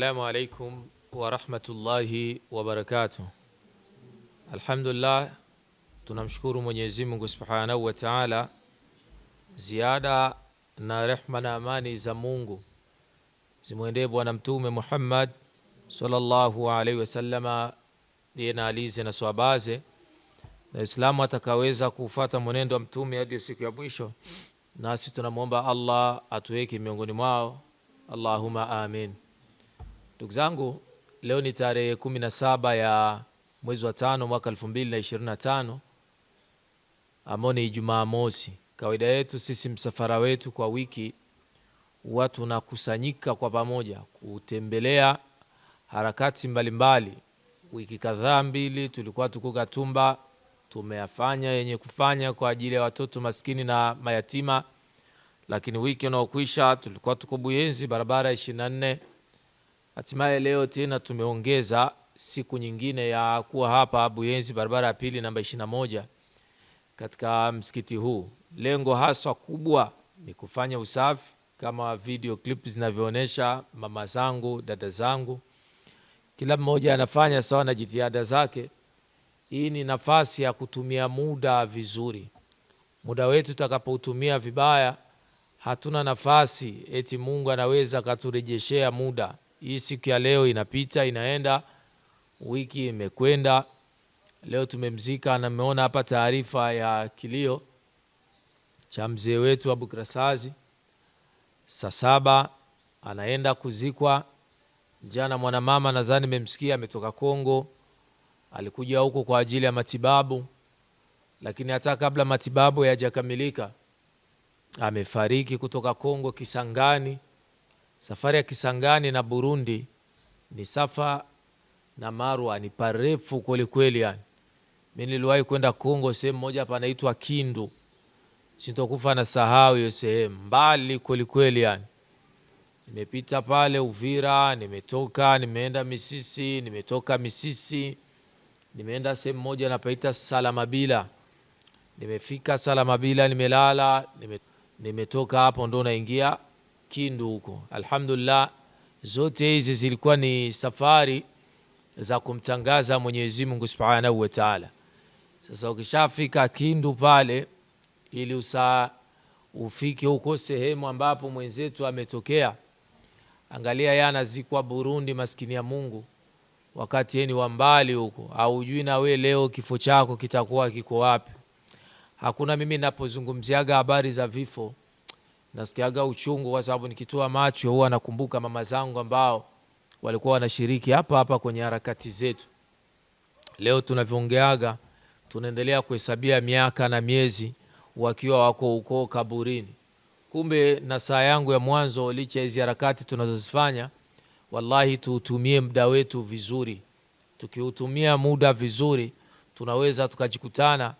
Assalamu alaikum warahmatullahi wabarakatuh. Alhamdulillah, tunamshukuru Mwenyezi Mungu subhanahu wa taala, ziada na rehma na amani za Mungu zimwendee Bwana Mtume Muhammad sallallahu alaihi wasallama, ndiye na alize na swabaze na Islamu atakaweza kufuata mwenendo wa Mtume hadi siku ya mwisho, nasi tunamwomba Allah atuweke miongoni mwao, allahumma amin. Ndugu zangu, leo ni tarehe 17 ya mwezi wa tano mwaka 2025 ambao ni Ijumaa mosi. Kawaida yetu sisi msafara wetu kwa wiki huwa tunakusanyika kwa pamoja kutembelea harakati mbalimbali mbali. Wiki kadhaa mbili tulikuwa tuko Katumba, tumeyafanya yenye kufanya kwa ajili ya watoto maskini na mayatima, lakini wiki unaokwisha tulikuwa tuko Buyenzi, barabara nne Hatimaye leo tena tumeongeza siku nyingine ya kuwa hapa Buyenzi, barabara ya pili namba 21 katika msikiti huu. Lengo haswa kubwa ni kufanya usafi kama video clip zinavyoonyesha, mama zangu, dada zangu, kila mmoja anafanya sawa na jitihada zake. Hii ni nafasi ya kutumia muda vizuri. Muda wetu tutakapoutumia vibaya, hatuna nafasi eti Mungu anaweza akaturejeshea muda. Hii siku ya leo inapita inaenda, wiki imekwenda. Leo tumemzika na mmeona hapa taarifa ya kilio cha mzee wetu Abukrasazi. Saa saba anaenda kuzikwa. Jana mwanamama nadhani memsikia ametoka Kongo, alikuja huko kwa ajili ya matibabu, lakini hata kabla matibabu hayajakamilika amefariki kutoka Kongo Kisangani. Safari ya Kisangani na Burundi ni Safa na Marwa, ni parefu kwelikweli. Yani mi niliwahi kwenda Kongo, sehemu moja panaitwa Kindu, sitokufa na sahau hiyo sehemu, mbali kweli. Yani nimepita pale Uvira, nimetoka nimeenda Misisi, nimetoka Misisi nimeenda sehemu moja napaita Salamabila, nimefika Salamabila nimelala, nimetoka hapo ndo naingia Kindu huko. Alhamdulillah, zote hizi zilikuwa ni safari za kumtangaza Mwenyezi Mungu Subhanahu wa Ta'ala. Sasa ukishafika Kindu pale, ili usa ufike huko sehemu ambapo mwenzetu ametokea, angalia yeye anazikwa Burundi, maskini ya Mungu, wakati yeye ni wa mbali huko, aujui na we leo kifo chako kitakuwa kiko wapi. Hakuna mimi napozungumziaga habari za vifo nasikiaga uchungu kwa sababu nikitoa macho huwa nakumbuka mama zangu ambao walikuwa wanashiriki hapa hapa kwenye harakati zetu. Leo tunavyoongeaga tunaendelea kuhesabia miaka na miezi wakiwa wako huko kaburini. Kumbe na saa yangu ya mwanzo, licha hizi harakati tunazozifanya, wallahi tuutumie muda wetu vizuri. Tukiutumia muda vizuri, tunaweza tukajikutana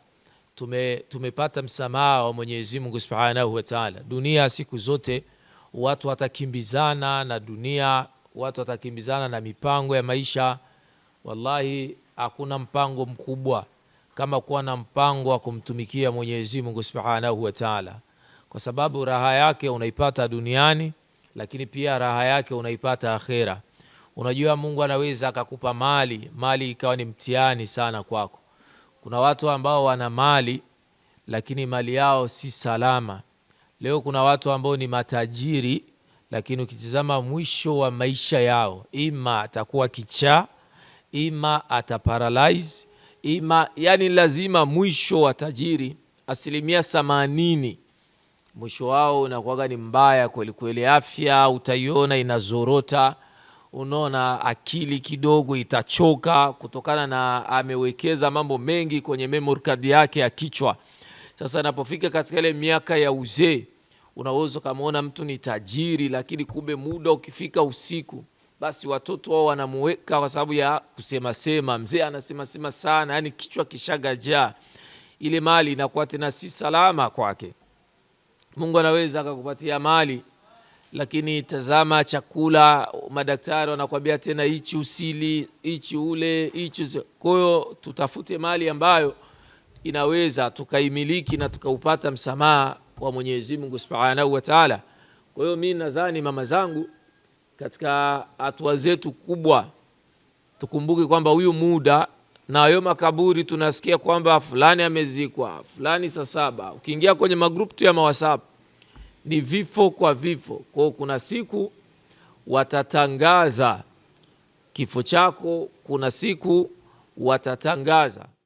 tume, tumepata msamaha wa Mwenyezi Mungu Subhanahu wa Ta'ala. Dunia siku zote watu watakimbizana na dunia, watu watakimbizana na mipango ya maisha. Wallahi, hakuna mpango mkubwa kama kuwa na mpango wa kumtumikia Mwenyezi Mungu Subhanahu wa Ta'ala, kwa sababu raha yake unaipata duniani, lakini pia raha yake unaipata akhera. Unajua Mungu anaweza akakupa mali, mali ikawa ni mtihani sana kwako kuna watu ambao wana mali lakini mali yao si salama. Leo kuna watu ambao ni matajiri, lakini ukitizama mwisho wa maisha yao, ima atakuwa kichaa, ima ataparalis ima yani, lazima mwisho wa tajiri asilimia themanini mwisho wao unakuwaga ni mbaya kwelikweli. Afya utaiona inazorota unaona akili kidogo itachoka kutokana na amewekeza mambo mengi kwenye memory card yake ya kichwa. Sasa anapofika katika ile miaka ya uzee, unaweza ukamwona mtu ni tajiri, lakini kumbe muda ukifika usiku, basi watoto wao wanamuweka kwa sababu ya kusemasema. Mzee anasemasema sana, yani kichwa kishagajaa, ile mali inakuwa tena si salama kwake. Mungu anaweza akakupatia mali lakini tazama chakula, madaktari wanakwambia tena hichi usili, hichi ule, hichi. Kwa hiyo tutafute mali ambayo inaweza tukaimiliki na tukaupata msamaha wa Mwenyezi Mungu Subhanahu wa Ta'ala. Kwa hiyo mimi nadhani mama zangu, katika hatua zetu kubwa, tukumbuke kwamba huyu muda na hayo makaburi, tunasikia kwamba fulani amezikwa, fulani saa saba. Ukiingia kwenye magrupu tu ya mawasap ni vifo kwa vifo. Kwa hiyo kuna siku watatangaza kifo chako, kuna siku watatangaza